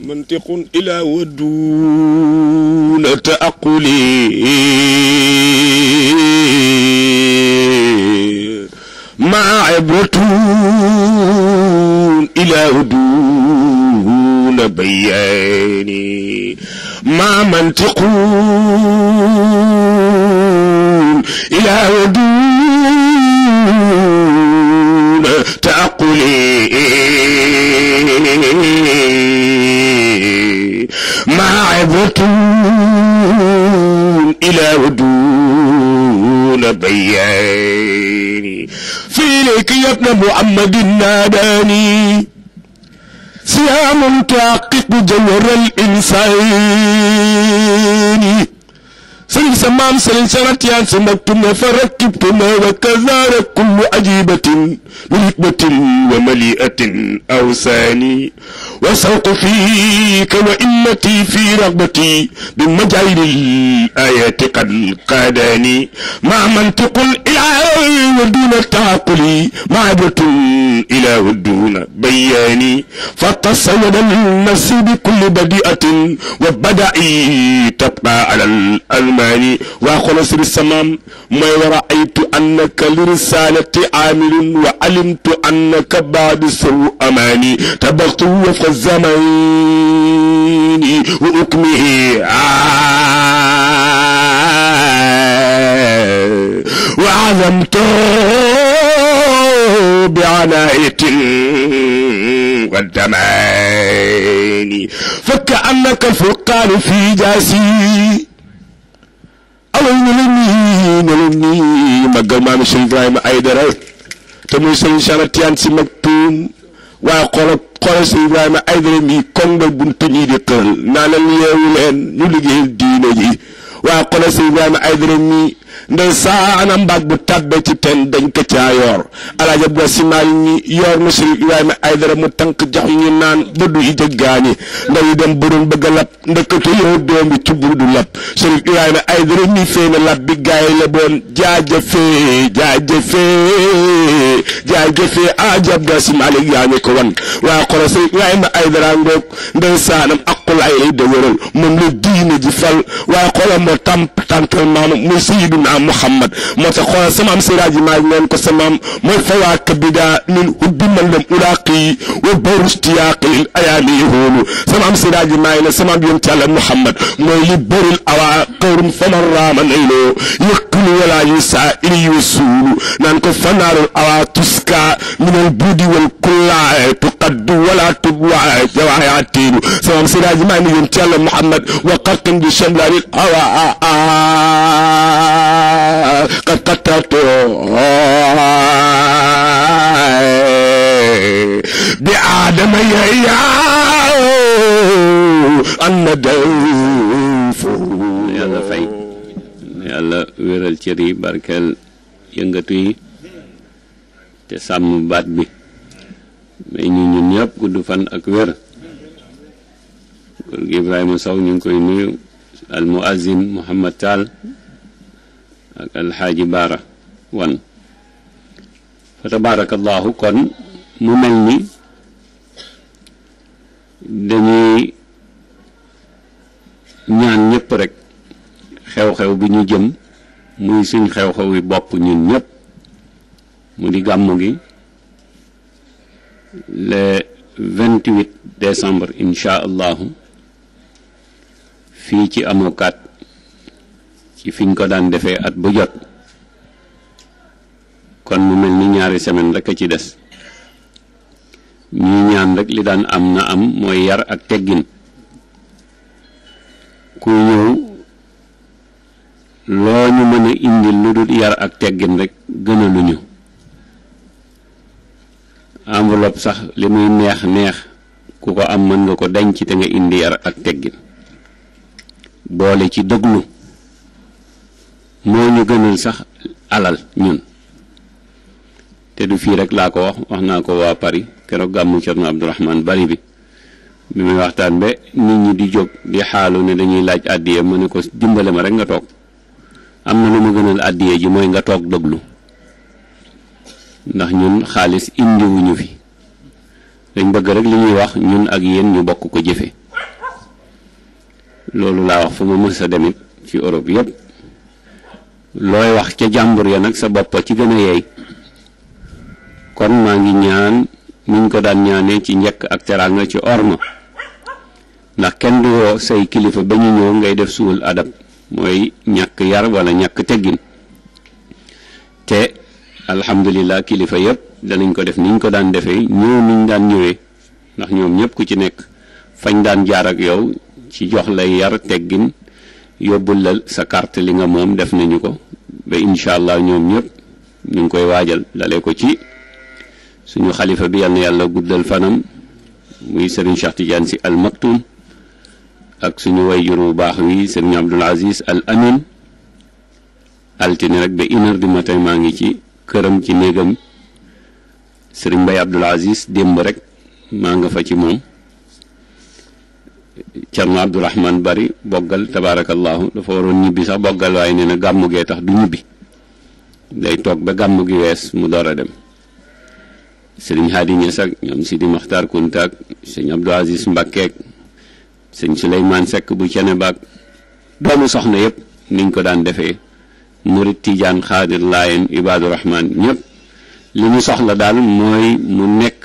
منطق إلى ودون تأقلي مع عبرة إلى ودون بياني مع منطق إلى ودون تأقلي ودون إلى ودون بياني فيلك يا ابن محمد ناداني صيام تحقق جوهر الإنسان moom sa maam Serigne Cheikh Tijaan si mboktume fa rakkibtume wa kazaara kullu ajibatin min hikmatin wa maliatin awsaani wa sawqu fiika wa immati fi ragbati bi majaayiril ayaati qad qaadaani maa mantiqul ilaahi wa duuna taaquli maabratun ilaahu duuna bayaani fa tasawada min nafsi bi kulli badiatin wa bada'i tabqa ala al almaani الثاني وقال سر السمام ما ورأيت أنك لرسالة عامل وعلمت أنك بعد سوء أماني تبقى وفق الزمان وأكمه وعظمت بعناية والدمان فكأنك الفرقان في جاسي na leen nii na leen nii màggal maam Cheikh Ibrahima Aydara te muy sëriñ Cheikh Tiyaan si Maktoum waaye xoolal xoolal si Ibrahima Aydara mii kon nga buntu ñii di tëral leen yeewu leen ñu liggéeyal diine ji waaye xoolal si Ibrahima Aydara ndeysaana mbag bu tàbbee ci teen dañ ko caa yoor alaaja bu simaal ñi yoor mu sirik Ibrahima Aydara mu tànk jox ñu naan bëddu yi jëggaañi ndaw yi dem buruñ bëgg a lab ndëkkatu yow doom bi ci buru du lab sirik Ibrahima Aydara mi fee na lab bi gaay la boon jaajëfee jaajëfee jaajëfee ajab gasim Malick yaa ñu ko wan waa Xorosi ngay ma ay dara ngoog ndeysaanam aqul ay lay dëgëral moom la diine ji fal waaye xoolal moo tam tànkal maam muy sayiduna Muhammad moo tax xoolal sama am siraaji maa ngi leen ko sama am mooy fawaa kabida min hubbi man lam ulaaqi wa barustiyaaqi lil ayaami hoolu sama am siraaji maa ngi ne sama am yonent Yàlla Muhammad mooy li bëril awaa xawrum faman raama nayloo yëkkulu walaa yu saa ili yu suulu naan ko fanaarul awaa ولا تسكى من البود والكلا تقد ولا تبوى جواهياتين سلام سراج ما نجم تيال محمد وقرقم بشملان الهواء قد قتلت بآدم يا أن dayfo yàlla fay yàlla wéral cër yi barkeel yëngatu yi te sàmm baat bi may ñu ñun ñëpp gudd fan ak wér góor gi Sow ñu ngi koy nuyu al muazzin Mouhamad Tall ak alxaaji Baara wan fa tabaarakallaahu kon mu mel ni dañuy ñaan ñëpp rek xew-xew bi ñu jëm muy suñ xew-xewi bopp ñun ñëpp mu di gàmmu gi le vingt huit décembre incha allahu fii ci amokat ci fiñ ko daan defee at bu jot kon mu mel ni ñaari semaine rek a ci des ñuy ñaan rek li daan am na am mooy yar ak teggin ku ñëw loo ñu mën a lu dul yar ak teggin rek gënaluñu enveloppe sax li muy neex neex ku ko am mën nga ko denc te nga indi yar ak teggin boole ci dëglu moo ñu gënal sax alal ñun te du fii rek laa ko wax wax naa ko waa Paris keroog gàmmu Cerno Abdourahman Bari bi bi muy waxtaan ba nit ñi di jóg di xaalu ne dañuy laaj àddiya ma ne ko dimbale ma rek nga toog am na lu ma gënal àddiya ji mooy nga toog dëglu ndax ñun xaalis indiwuñu fi dañ bëgg rek li ñuy wax ñun ak yéen ñu bokk ko jëfe loolu laa wax fu ma mës a demit ci Europe yëpp looy wax ca jàmbur ya nag sa bopp ci gën a yeey kon maa ngi ñaan muñ ko daan ñaane ci njëkk ak teraanga ci orma ndax kenn du woo say kilifa ba ñu ñëw ngay def suul adab mooy ñàkk yar wala ñàkk teggin te alhamdulilah kilifa yëpp danañ ko def niñ ko daan defee ñëw niñ daan ñëwee ndax ñoom ñëpp ku ci nekk fañ daan jaar ak yow ci jox lay yar teggin yóbbul la sa carte li nga moom def nañu ko ba incha allah ñoom ñëpp ñu koy waajal dalee ko ci suñu xalifa bi yal yàlla guddal fanam muy Serigne Cheikh Tidiane si al maktum ak suñu way wayjur bu baax wi Serigne Abdoul Aziz al amin altine rek ba une heure matin maa ngi ci. këram ci néegam sëriñ Mbaye Abdoul Aziz démb rek maa nga fa ci moom Cerno Abdourahman Bari boggal tabaarakallaahu dafa waroon ñibbi sax boggal waaye nee na gàmmu gee tax du ñibbi day toog ba gàmmu gi wees mu door a dem sëriñ Haadi Ñas ak ñoom Sidi Maxtaar Kunta ak sëñ Abdou Aziz Mbakkeek sëñ Suleymaan Sekk bu cene baag doomu soxna yëpp niñ ko daan defee murit tiijaan xaadir laayen ibaadu rahmaan ñëpp li ñu soxla daal mooy mu nekk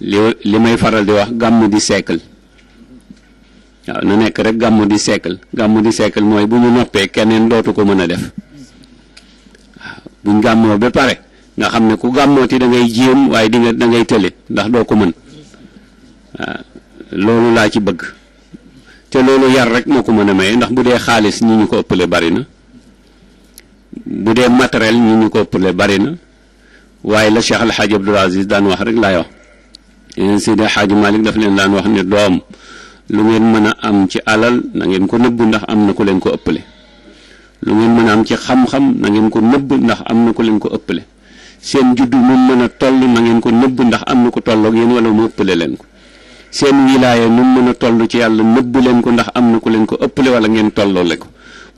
li li may faral di wax gàmm di siècle waaw na nekk rek gàmm di siècle gàmm di siècle mooy bu mu noppee keneen dootu ko mën a def waaw buñ gàmmoo ba pare nga xam ne ku gàmmooti da ngay jéem waaye di nga da ngay tële ndax doo ko mën loolu laa ci bëgg te loolu yar rek moo ko mën a maye ndax bu dee xaalis ñi ñu ko ëppale bari na bu dee matériel ñu ñu ko ëppale bari na waaye la Cheikh Alxaaji Abdul Aziz daan wax rek laay wax yeneen Seydi Xaaji Malik daf leen daan wax ne doom lu ngeen mën a am ci alal na ngeen ko nëbb ndax am na ku leen ko ëppale lu ngeen mën a am ci xam ngeen ko nëbb ndax am na ku leen ko ëppale seen juddu mu mën a toll na ngeen ko nëbb ndax am na ko tolloog yéen wala mu ëppale leen ko seen wilaaya nu mën a toll ci yàlla nëbb leen ko ndax am na ko leen ko ëppale wala ngeen tolloole ko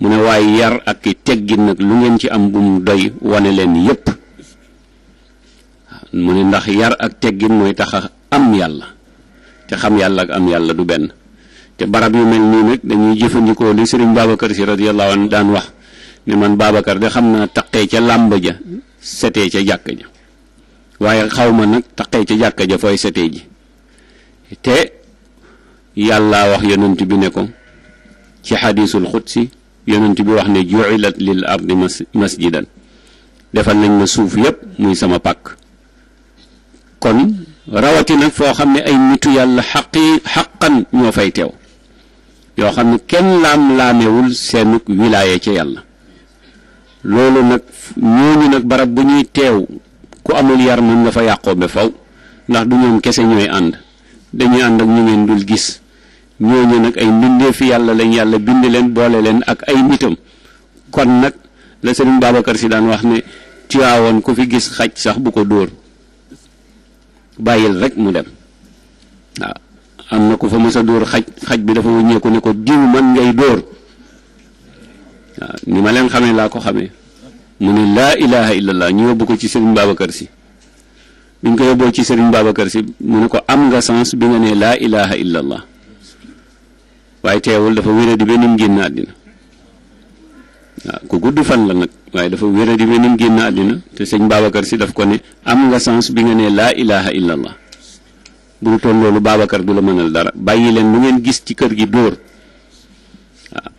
mu ne waaye yar ak i teggin nag lu ngeen ci am bu mu doy wane leen yépp mu ne ndax yar ak teggin mooy taxa am yàlla te xam yàlla ak am yàlla du benn te barab yu mel nii nag dañuy jëfandikoo li sëriñ Babacar si radiyallahu anhu daan wax ne man baabakar de xam naa taqee ca làmb ja setee ca jàkk ja waaye xawma ma nag taqee ca jàkk ja fooy setee ji te yàlla wax yonent bi ne ko ci xadiisul xudsi yonent bi wax ne ju'ilat lil ardi masjidan defal nañ ma suuf yépp muy sama pàkk kon rawati nag foo xam ne ay nitu yàlla xaqi xaqan ñoo fay teew yoo xam ne kenn laam-laamewul seenug wilaaye ca yàlla loolu nag ñooñu nag barab bu ñuy teew ku amul yar moom nga fa yàqoo be faw ndax du ñoom kese ñooy ànd dañuy ànd ak ñu ngeen dul gis ñooñu nag ay mbindeefi yàlla lañ yàlla bind leen boole leen ak ay mitam kon nag la sëriñ Babacar si daan wax ne Tiwaawoon ku fi gis xaj sax bu ko dóor bàyyil rek mu dem waaw am na ko fa mës dóor xaj xaj bi dafa wëññeeku ne ko diw man ngay dóor waaw ni ma leen xamee laa ko xamee mu ne laa ilaha illallah ñu yóbbu ko ci sëriñ Babacar si bi ñu ko yóbboo ci sëriñ Babacar si mu ne ko am nga sens bi nga ne laa ilaha illallah. waaye teewul dafa wéradi ba nim génn àddina waaw ku gudd fan la nag waaye dafa wéradi ba nim génn àddina te sëñ Babacar si daf ko ne am nga sens bi nga ne laa ilaha illallah bu dul toon loolu Babacar du la mënal dara bàyyi leen lu ngeen gis ci kër gi dóor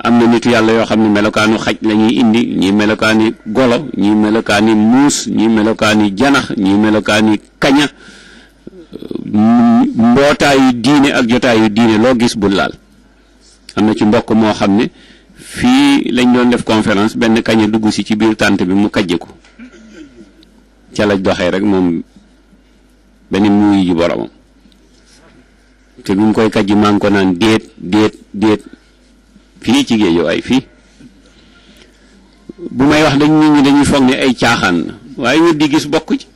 am na nitu yàlla yoo xam ne melokaanu xaj la indi ñii melokaani golo ñii melokaani muus ñii melokaani janax ñii melokaani kaña mbootaayu diine ak jotaayu diine loo gis bu laal am na ci mbokk moo xam ne fii lañ doon def conférence benn kaña dugg si ci biir tànt bi mu ko ca la doxee rek moom benn muuy ji boromam te bi mu koy kajji maa ngi ko naan déet déet déet fii ci géej waay fii bu may wax dañ nit ñi dañuy foog ne ay caaxaan la waaye weddi gis bokk ci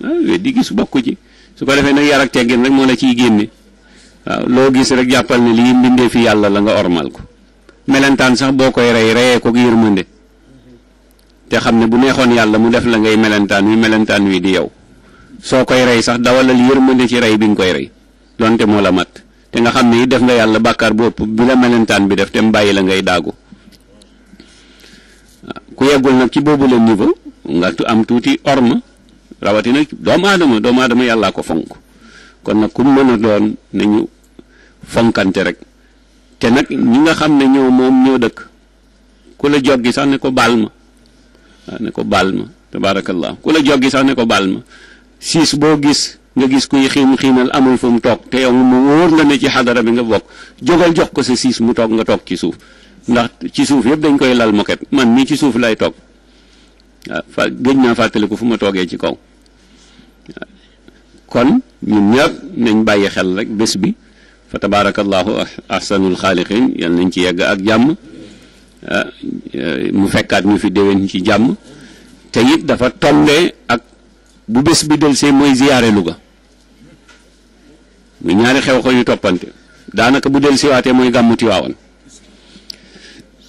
weddi gis bokk ci su ko defee nag yar ak teggin rek moo la ciy génne loo gis rek jàppal ne lii mbindee fi yàlla la nga ormal ko melentaan sax boo koy rey reyee ko yërmande te xam ne bu neexoon yàlla mu def la ngay melentaan wi melentaan wi di yow soo koy rey sax dawalal yërmande ci rey bi nga koy rey donte moo la mat te nga xam ne def nga yàlla bàkkaar bopp bi la melentaan bi def te mu bàyyi la ngay daagu ku yeggul nag ci boobu la niveau nga am tuuti orma rawatina doomu aadama doomu aadama yàllaa ko fonk kon nag ku mën a doon nañu fonkante rek te nag ñi nga xam ne ñoo moom ñoo dëkk ku la joggi sax ne ko baal ma ah, ne ko baal ma tabaarakallah ku la joggi sax ne ko baal ma siis boo gis nga gis kuy xiim xiimal amul fu mu toog te yow mu wóor la ne ci xadara bi nga bokk jógal jox ko sa siis mu toog nga toog ci suuf ndax ci suuf yëpp dañ koy lal moket man mii ci suuf lay toog waaw ah, fa gëj naa fàttaliku fu ma toogee ci kaw kon ñun ñëpp nañ bàyyi xel rek bés bi fa tabaarakallaahu ah, ahsanul xaaliqin yal nañ ci yegg ak jàmm ah, eh, mu fekkaat ñu fi déwén ci jàmm te it dafa tombe ak bu bés bi del see mooy ziyaare Louga mu ñaari xew xew toppante daanaka bu del siwaatee mooy gàmmu Tiwaawan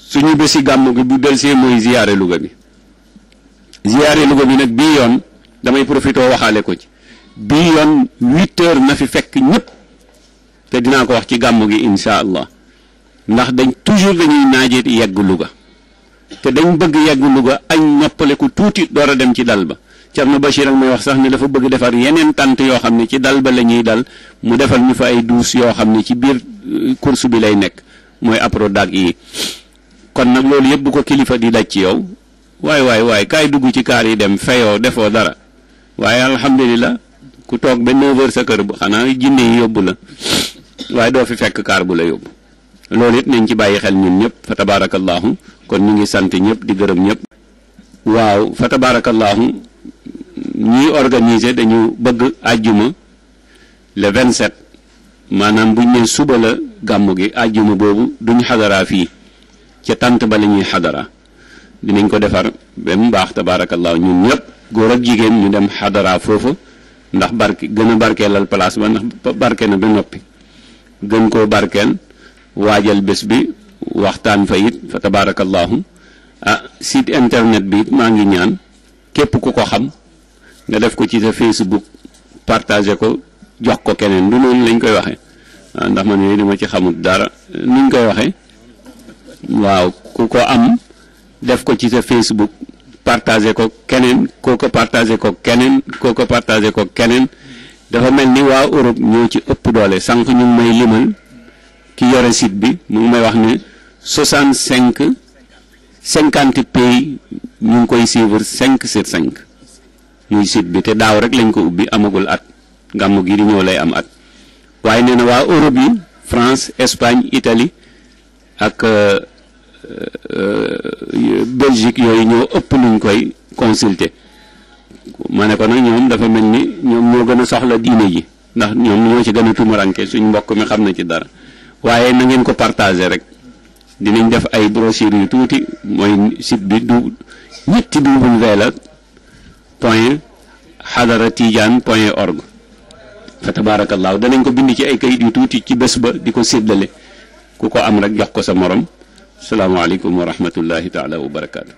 suñu bési gàmm gi bu del see mooy ziyaare Louga bi ziyaare Louga bi nag bii yoon damay profitoo waxaale ko ci bii yoon huit heures na fi fekk ñëpp te dinaa ko wax ci gàmmu gi insha allah ndax dañ toujours lañuy naajeet yegg Louga te dañ bëgg yegg Louga añ noppaleku tuuti door a dem ci dal ba Thierno Bachir ak may wax sax ni dafa bëgg defar yeneen tant yoo xam ne ci dal ba la ñuy dal mu defal ñu fa ay duus yoo xam ne ci biir euh, course bi lay nekk mooy Aprodac yi kon nag loolu yëpp bu ko kilifa di daj ci yow waay waay waay kaay dugg ci kaar yi dem feyoo defoo dara waaye alhamdulilah ku toog ba 9 sa kër bu xanaa jinne yi yóbbu la waaye doo fi fekk kaar bu la yóbbu loolu it nañ ci bàyyi xel ñun ñëpp fa tabaarakallaahu kon ñu ngi sant ñëpp di gërëm ñëpp. waaw fa tabaarakallaahu ñiy organiser dañu bëgg àjjuma le 27 maanaam buñ suba la gàmmu gi àjjuma boobu duñ xadaraa fii ca tànt ba la ñuy xadaraa dinañ ko defar ba mu baax tabaarakallaahu ñun ñëpp góor ak jigéen ñu dem xadaraa foofu. ndax barke gën a barkeelal place ba ndax barke na ba noppi gën koo barkeel waajal bés bi waxtaan fa it fa tabaarakallaahu ah site internet bi it maa ngi ñaan képp ku ko xam nga def ko ci sa Facebook partagé ko jox ko keneen du noonu lañ koy waxee ah, ndax man yooyu dama ci xamut dara nuñ koy waxee waaw ku ko am def ko ci sa Facebook partagé ko keneen kooku partagé ko keneen kooku partagé ko keneen dafa mel ni waa Europe ñoo ci ëpp doole sànq ñu ngi may limal ki yore site bi mu ngi may wax ne soixante cinq cinquante pays ñu ngi koy cinq sur cinq muy site bi te daaw rek lañ ko ubbi amagul at gàmmu gi di ñëw lay am at waaye nee na waa Europe yi France Espagne Italie ak. Euh, Euh, euh, Belgique yooyu ñoo ëpp luñ koy consulter ma ne ko nag ñoom dafa mel ni ñoom ñoo gën a soxla diine ji ndax ñoom ñoo ci gën a tumaranke suñ mbokk mi xam na ci dara waaye na ngeen ko partager rek dinañ def ay brochure yu tuuti mooy sit bi du ñetti w la point xadara tiijaan point org fa tabaarakallaahu danañ ko bind ci ay kayit yu tuuti ci bés ba di ko séddale ku ko am rek jox ko sa morom salaamaaleykum wa rahmatullahi taala wa barakaatu.